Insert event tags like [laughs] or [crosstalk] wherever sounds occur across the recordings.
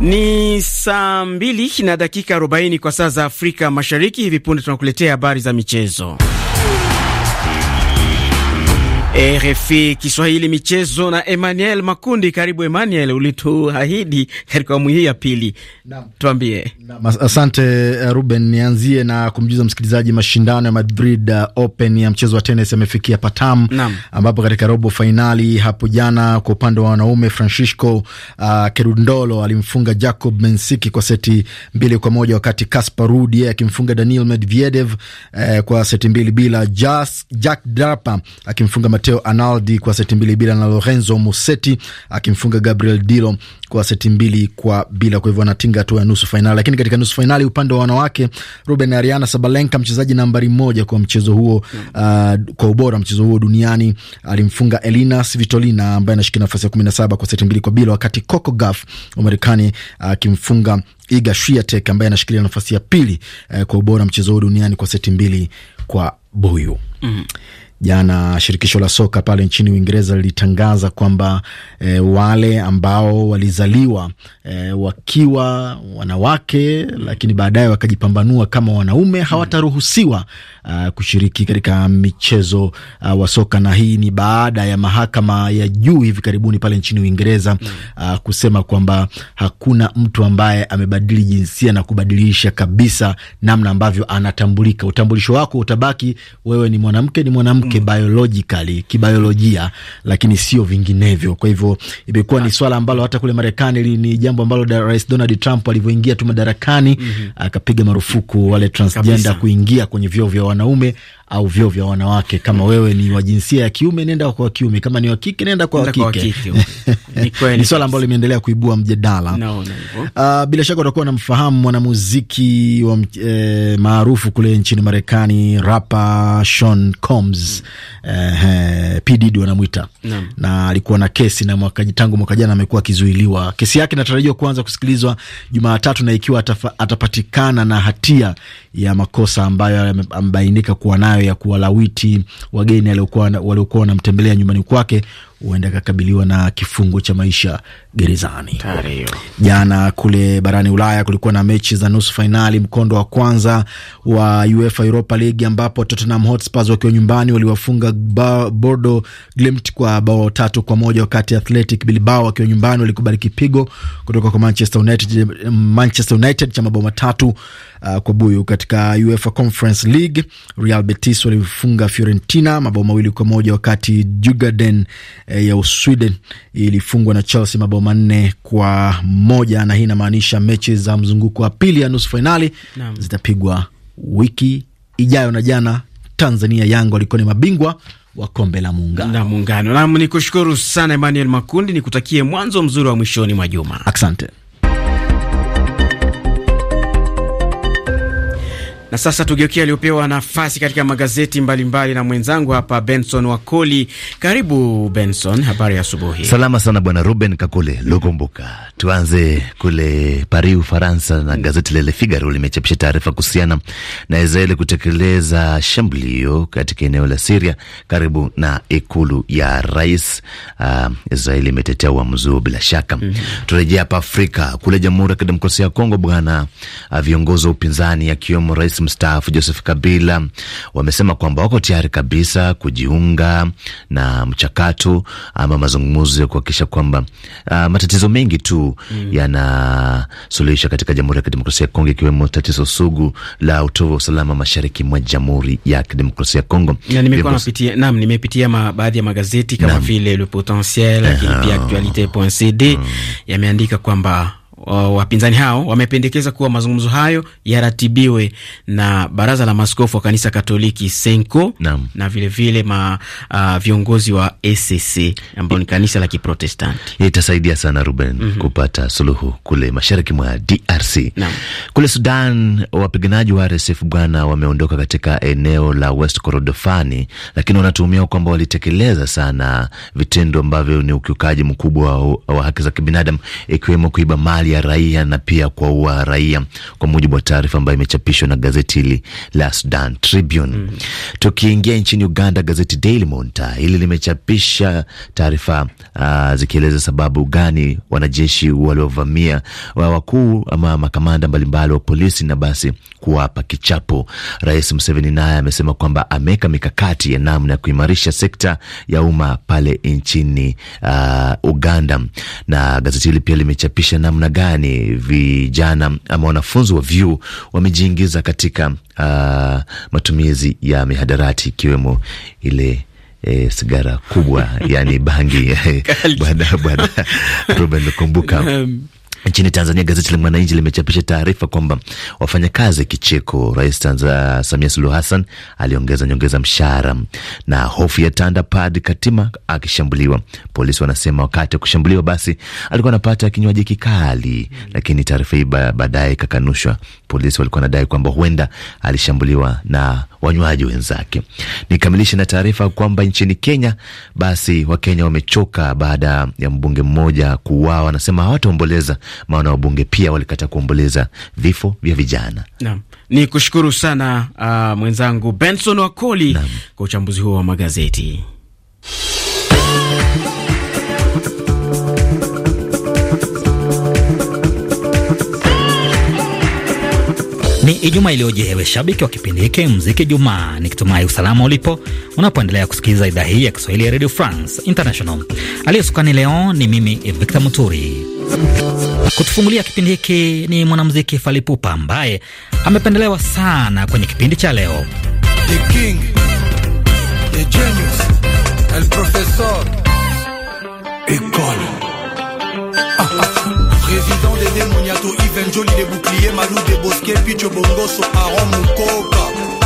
Ni saa mbili na dakika 40 kwa saa za Afrika Mashariki. Hivi punde tunakuletea habari za michezo. RFI Kiswahili michezo na Emmanuel Makundi. Karibu Emmanuel, ulituahidi katika awamu hii ya pili, tuambie. Asante uh, Ruben, nianzie na kumjuza msikilizaji mashindano ya Madrid uh, Open ya mchezo wa tenis yamefikia Patam, ambapo katika robo fainali hapo jana kwa upande wa wanaume Francisco uh, Kerundolo alimfunga Jacob Mensiki kwa seti mbili kwa moja wakati Kaspar Ruud yeye akimfunga Daniel Medvedev eh, kwa seti mbili bila Jack Draper akimfunga Mateo Analdi kwa seti mbili bila na Lorenzo Musetti akimfunga Gabriel Dilo kwa seti mbili kwa bila. Kwa hivyo anatinga hatua ya nusu fainali. Lakini katika nusu fainali upande wa wanawake, Ruben Ariana Sabalenka mchezaji nambari moja kwa mchezo huo, uh, kwa ubora mchezo huo duniani alimfunga Elina Svitolina ambaye anashikia nafasi ya kumi na saba kwa seti mbili kwa bila, wakati Coco Gauff wa Marekani akimfunga uh, Iga Swiatek ambaye anashikilia nafasi ya pili eh, kwa ubora mchezo huo duniani kwa seti mbili kwa buyu mm. Jana shirikisho la soka pale nchini Uingereza lilitangaza kwamba e, wale ambao walizaliwa e, wakiwa wanawake lakini baadaye wakajipambanua kama wanaume hawataruhusiwa a, kushiriki katika michezo a, wa soka, na hii ni baada ya mahakama ya juu hivi karibuni pale nchini Uingereza a, kusema kwamba hakuna mtu ambaye amebadili jinsia na kubadilisha kabisa namna ambavyo anatambulika. Utambulisho wako utabaki, wewe ni mwanamke, ni mwanamke mm. kibiologically, kibiolojia, lakini sio vinginevyo. Kwa hivyo imekuwa ni ah. swala ambalo hata kule Marekani ni jambo ambalo Rais Donald Trump alivyoingia tu madarakani mm -hmm. akapiga marufuku wale transgender kuingia kwenye vyoo vya wanaume au vyoo vya wanawake. Kama wewe ni wa jinsia ya kiume, nenda kwa kiume, kama ni wa kike, nenda kwa kike. [laughs] Ni swala ambalo limeendelea kuibua mjadala no, no, no. Uh, bila shaka utakuwa unamfahamu mwanamuziki wa eh, maarufu kule nchini Marekani, rapa Sean Combs mm. eh, PDD Diddy wanamwita no. na alikuwa na kesi na mwaka, tangu mwaka jana amekuwa akizuiliwa. Kesi yake inatarajiwa kuanza kusikilizwa Jumatatu na ikiwa atafa, atapatikana na hatia ya makosa ambayo amebainika kuwa nayo nayo ya kuwalawiti wageni waliokuwa wanamtembelea nyumbani kwake huenda akakabiliwa na kifungo cha maisha gerezani. Jana kule barani Ulaya kulikuwa na mechi za nusu fainali mkondo wa kwanza wa UEFA Europa League ambapo Tottenham Hotspurs wakiwa nyumbani waliwafunga Bordo Glimt kwa bao tatu kwa moja wakati Athletic Bilbao wakiwa nyumbani walikubali kipigo kutoka kwa Manchester United, Manchester United cha mabao matatu uh, kwa buyu. Katika UEFA Conference League Real Betis walifunga Fiorentina mabao mawili kwa moja wakati Jugaden e, ya Usweden ilifungwa na Chelsea mabao manne kwa moja, na hii inamaanisha mechi za mzunguko wa pili ya nusu fainali zitapigwa wiki ijayo. Na jana Tanzania Yanga walikuwa ni mabingwa wa kombe la muungano muungano. Nam ni kushukuru sana Emmanuel Makundi, ni kutakie mwanzo mzuri wa mwishoni mwa juma. Asante. Na sasa tugeukia aliyopewa nafasi katika magazeti mbalimbali mbali na mwenzangu hapa Benson Wakoli. Karibu Benson, habari ya asubuhi. Salama sana bwana Ruben Kakule Lukumbuka. Tuanze kule Paris, Ufaransa, na hmm. gazeti la Le Figaro limechapisha taarifa kuhusiana na Israeli kutekeleza shambulio katika eneo la Siria karibu na ikulu ya rais. Uh, Israeli imetetea uamuzi huo bila shaka. mm -hmm. Turejea hapa Afrika, kule Jamhuri ya Kidemokrasia ya Kongo bwana, ah, viongozi wa upinzani akiwemo rais rais mstaafu Joseph Kabila wamesema kwamba wako tayari kabisa kujiunga na mchakato ama mazungumzo ya kuhakikisha kwamba uh, matatizo mengi tu mm. yanasuluhisha katika Jamhuri ya Kidemokrasia ya Kongo, ikiwemo tatizo sugu la utovu wa usalama mashariki mwa Jamhuri ya Kidemokrasia ya Kongo. Naam, nimepitia baadhi ya magazeti kama vile Le Potentiel, lakini pia Actualite.cd yameandika kwamba wapinzani hao wamependekeza kuwa mazungumzo hayo yaratibiwe na baraza la maskofu wa kanisa Katoliki Senko na, na vilevile vile uh, viongozi wa ACC ambao ni kanisa la Kiprotestanti. Itasaidia sana Ruben, mm -hmm. kupata suluhu kule mashariki mwa DRC na. Kule Sudan wapiganaji wa RSF bwana wameondoka katika eneo la West Korodofani, lakini wanatuhumiwa kwamba walitekeleza sana vitendo ambavyo ni ukiukaji mkubwa wa, wa haki za kibinadamu ikiwemo kuiba mali ya raia na pia kwa ua raia, kwa mujibu wa taarifa ambayo imechapishwa na gazeti hili la Sudan Tribune. Mm. Tukiingia nchini Uganda, gazeti Daily Monitor hili limechapisha taarifa uh, zikieleza sababu gani wanajeshi waliovamia wa wakuu ama makamanda mbalimbali wa polisi na basi kuwapa kichapo. Rais Museveni naye amesema kwamba ameweka mikakati ya namna ya kuimarisha sekta ya umma pale nchini uh, Uganda, na gazeti hili pia limechapisha namna gani vijana ama wanafunzi wa vyuo wamejiingiza katika uh, matumizi ya mihadarati ikiwemo ile E, sigara kubwa [laughs] yani bangi [laughs] Bwana Ruben Lukumbuka, Nchini Tanzania, gazeti la Mwananchi limechapisha taarifa kwamba wafanyakazi kicheko. Rais Tanzania Samia Suluhu Hassan aliongeza nyongeza mshahara, na hofu ya tanda pad Katima akishambuliwa. Polisi wanasema wakati wa kushambuliwa basi alikuwa anapata kinywaji kikali, lakini taarifa hii baadaye ikakanushwa. Polisi walikuwa wanadai kwamba huenda alishambuliwa na wanywaji wenzake. Nikamilishe na taarifa kwamba nchini Kenya basi Wakenya wamechoka baada ya mbunge mmoja kuuawa, wanasema hawataomboleza maana wabunge pia walikataa kuomboleza vifo vya vijana. Naam, ni kushukuru sana uh, mwenzangu Benson Wakoli kwa uchambuzi huo wa magazeti. Ijumaa iliyojehewe shabiki wa kipindi hiki mziki Jumaa, nikitumai usalama ulipo unapoendelea kusikiliza idhaa hii ya Kiswahili ya Radio France International. Aliyesukani leo ni mimi Victor Muturi. Kutufungulia kipindi hiki ni mwanamziki Falipupa ambaye amependelewa sana kwenye kipindi cha leo. The King, the genius, el [laughs] président des démoniato Ivan joli des boucliers Malou des Bosquets Picho Bongoso Aaron Moukoka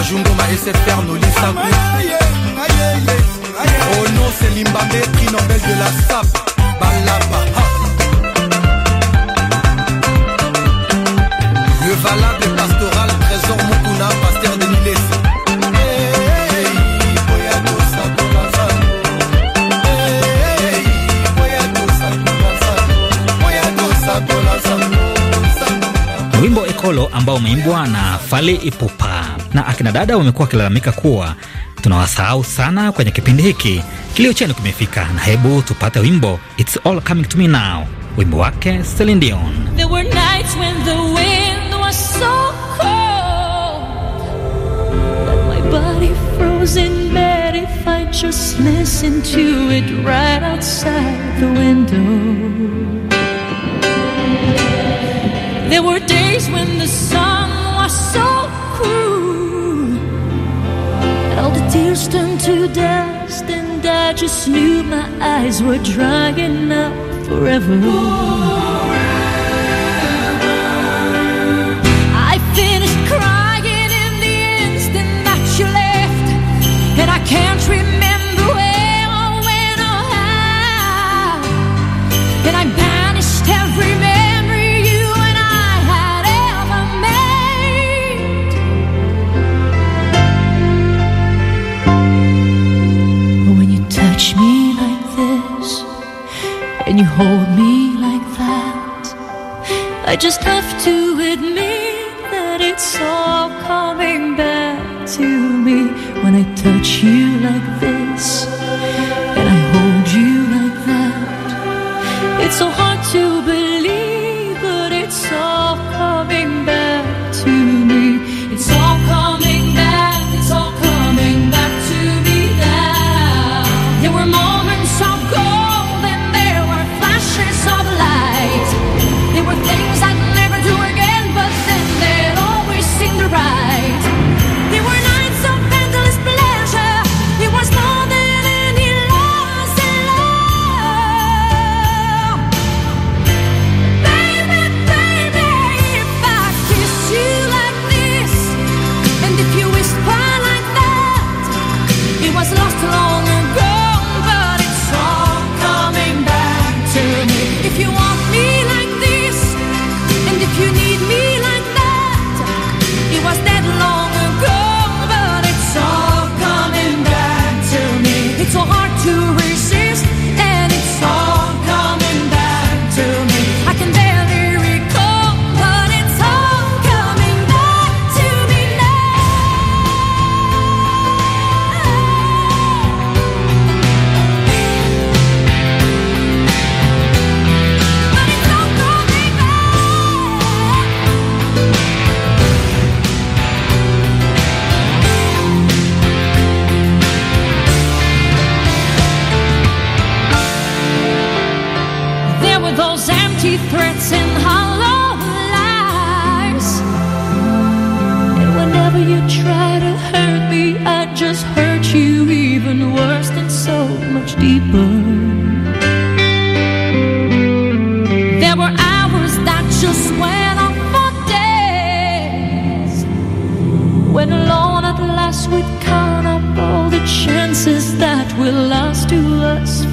majungoma SFR nolisa oh non limbambe prix de la sap balaba le valable pastoral trésor mokuna pasteur de Nilesi wimbo Ekolo ambao umeimbwa na fale Ipupa na akina dada wamekuwa wakilalamika kuwa tunawasahau sana kwenye kipindi hiki. Kilio chenu kimefika, na hebu tupate wimbo It's All Coming to Me Now, wimbo wake Celine Dion. just listened to it right outside the window. There were days when the sun was so accustomed to dust, and I just knew my eyes were drying up forever. I finished crying in the instant that you left, and I can't remember.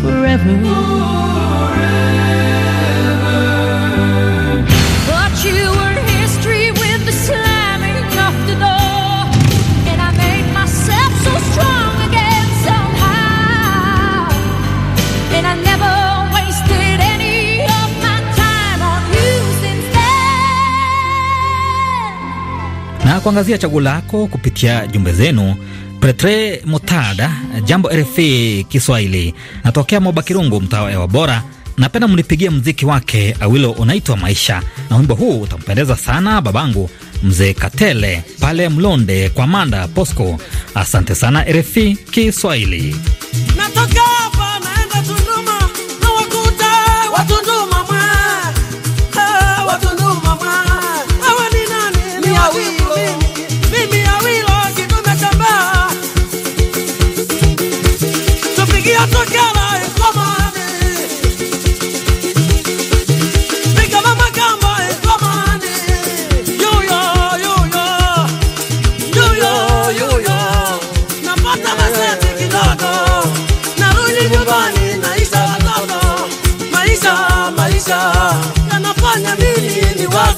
forever. Forever. But you were history with the slamming of the door, and I made myself so strong again somehow, and I never. wasted any of my time on you since then. Na kuangazia chaguo lako kupitia jumbe zenu Pretre Mutada, jambo RFI Kiswahili, natokea Moba Kirungu, mtaa wa Bora. Napenda mnipigie mziki wake Awilo unaitwa Maisha, na wimbo huu utampendeza sana babangu mzee Katele pale Mlonde kwa Manda Posco. Asante sana RFI Kiswahili. Natoka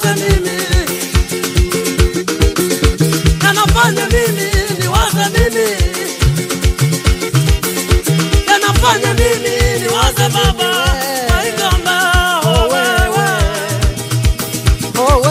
mimi, mimi mimi, mimi baba oh, oh,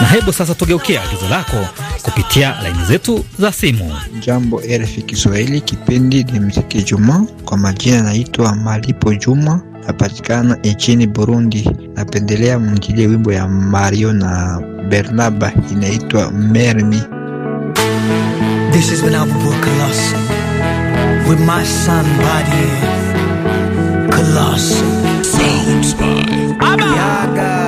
na hebu sasa tugeukia agizo lako kupitia laini zetu za simu. Jambo RFI Kiswahili, kipindi ni mziki juma. Kwa majina naitwa Malipo Juma, napatikana nchini Burundi. Napendelea mngilie wimbo ya Mario na Bernaba inaitwa Mermi. This is with my son Badi Colossus. Sounds by Abba.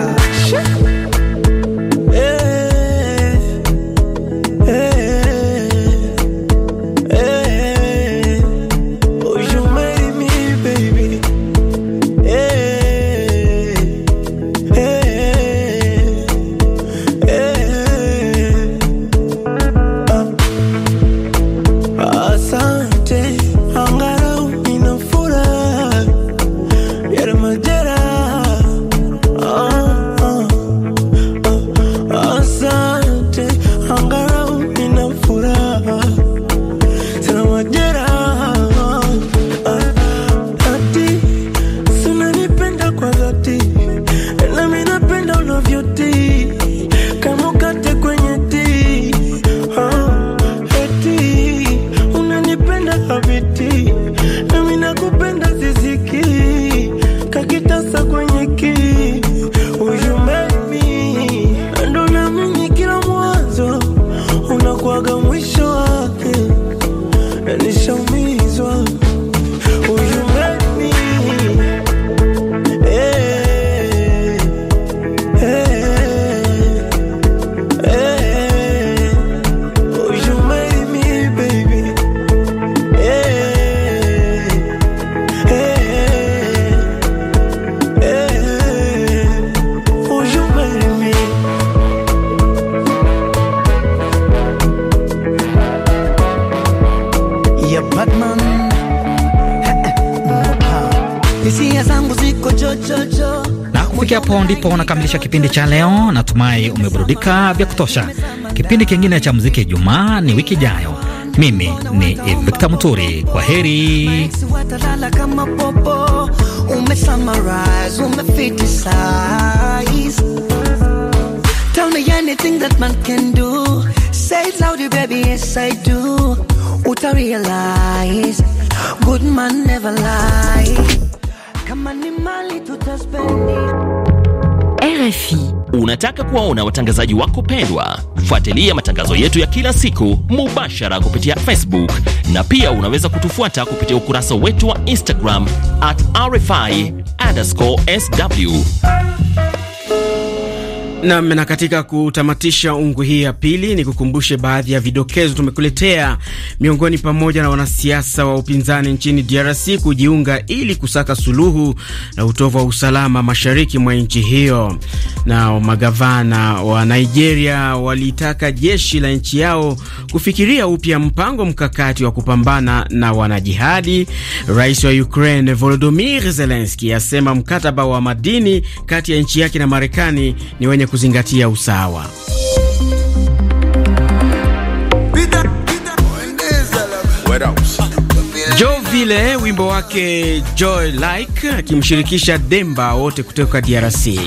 kufikia hapo ndipo unakamilisha kipindi cha leo. Natumai umeburudika vya kutosha. Kipindi kingine cha muziki Ijumaa ni wiki ijayo. Mimi ni Victor Muturi, kwa heri. Kama ni mali tutaspendi RFI. Unataka kuwaona watangazaji wako pendwa? Fuatilia matangazo yetu ya kila siku mubashara kupitia Facebook na pia unaweza kutufuata kupitia ukurasa wetu wa Instagram at RFI_sw. Nam, na katika kutamatisha ungu hii ya pili, ni kukumbushe baadhi ya vidokezo tumekuletea. Miongoni pamoja na wanasiasa wa upinzani nchini DRC kujiunga ili kusaka suluhu na utovu wa usalama mashariki mwa nchi hiyo, na magavana wa Nigeria walitaka jeshi la nchi yao kufikiria upya mpango mkakati wa kupambana na wanajihadi. Rais wa Ukraine Volodymyr Zelensky asema mkataba wa madini kati ya nchi yake na Marekani ni wenye kuzingatia usawa. Jo wimbo wake Joy Like akimshirikisha Demba wote kutoka DRC.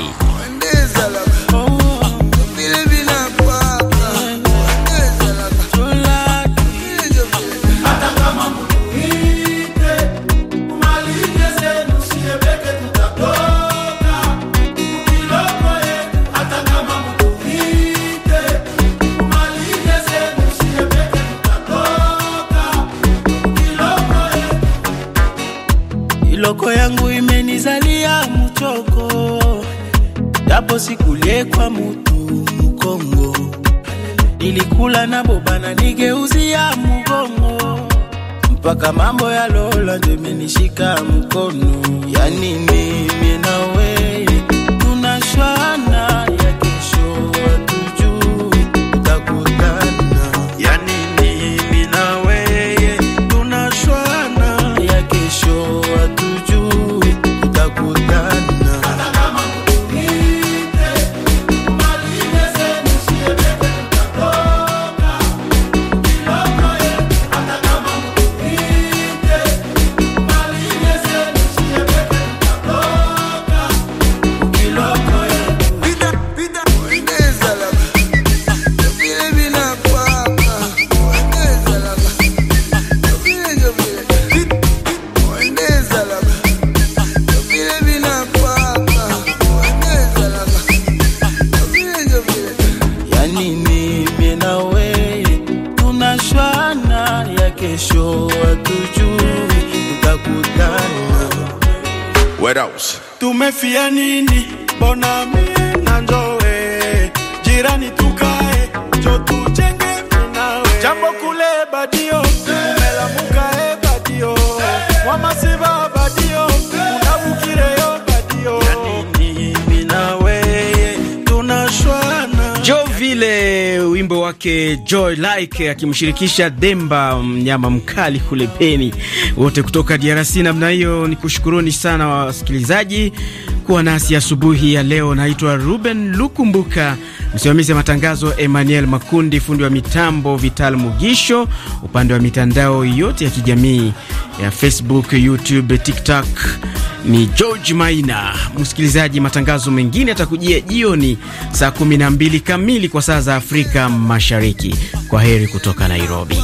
hapo sikuliekwa mutu Kongo, nilikula na bobana nigeuzia mugongo, mpaka mambo ya Lola ndemenishika mkono ya nini umefia nini? Bona mie na njowe jirani, tukae jo tujenge nawe, jambo kule badio umelamuka badio wamasiba badio unabukireyo badio, yani mimi wake Joy Like akimshirikisha Demba, mnyama mkali kule Beni, wote kutoka DRC. Namna hiyo ni kushukuruni sana wasikilizaji kuwa nasi asubuhi ya, ya leo. Naitwa Ruben Lukumbuka, msimamizi wa matangazo Emmanuel Makundi, fundi wa mitambo Vital Mugisho, upande wa mitandao yote ya kijamii ya Facebook, YouTube, TikTok ni George Maina. Msikilizaji, matangazo mengine yatakujia jioni saa 12 kamili kwa saa za Afrika Mashariki. Kwa heri kutoka Nairobi.